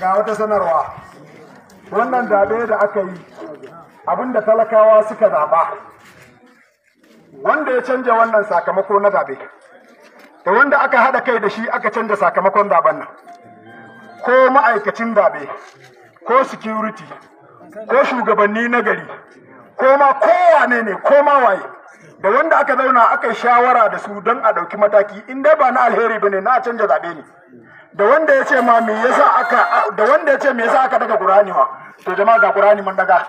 ga wata sanarwa wannan zaɓe da aka yi abinda talakawa suka zaɓa wanda ya canja wannan sakamako na zaɓe da wanda aka haɗa kai da shi aka canja sakamakon zaɓen nan ko ma'aikacin zaɓe ko security ko shugabanni na gari ko ma kowane ne ko ma waye da wanda aka zauna aka shawara da su don a ɗauki mataki in dai ba na alheri ba ne na canja zaɓe ne da wanda ya ce ma me yasa aka da wanda ya ce me yasa aka daga Qur'ani wa to jama'a ga Qur'ani mun daga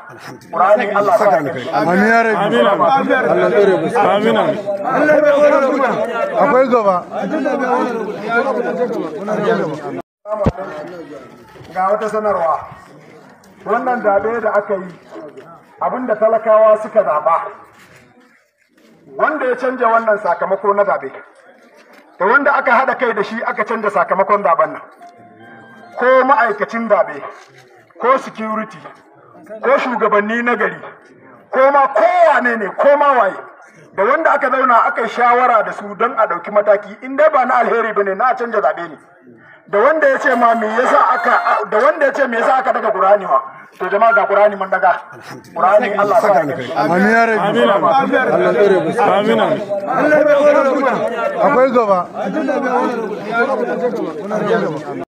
Qur'ani Allah ya saka alkhairi amin ya rabbi amin Allah ya rabbi amin Allah ya akwai gaba ga wata sanarwa wannan zabe da aka yi abinda talakawa suka zaba wanda ya canja wannan sakamako na zabe da wanda aka haɗa kai da shi aka canza sakamakon zaben nan ko ma'aikacin zaɓe ko security ko shugabanni na gari ko ma kowa ne ko ma waye da wanda aka zauna aka shawara da su don a ɗauki mataki in dai ba na alheri ba ne na canza zaɓe ne da wanda ya ce ma me yasa aka da wanda ya ce me yasa aka daga Qur'ani wa to jama'a ga Qur'ani mun daga Qur'ani Allah ya saka alkai amin ya rabbi amin Allah ya mu amin Allah ya kore akwai gaba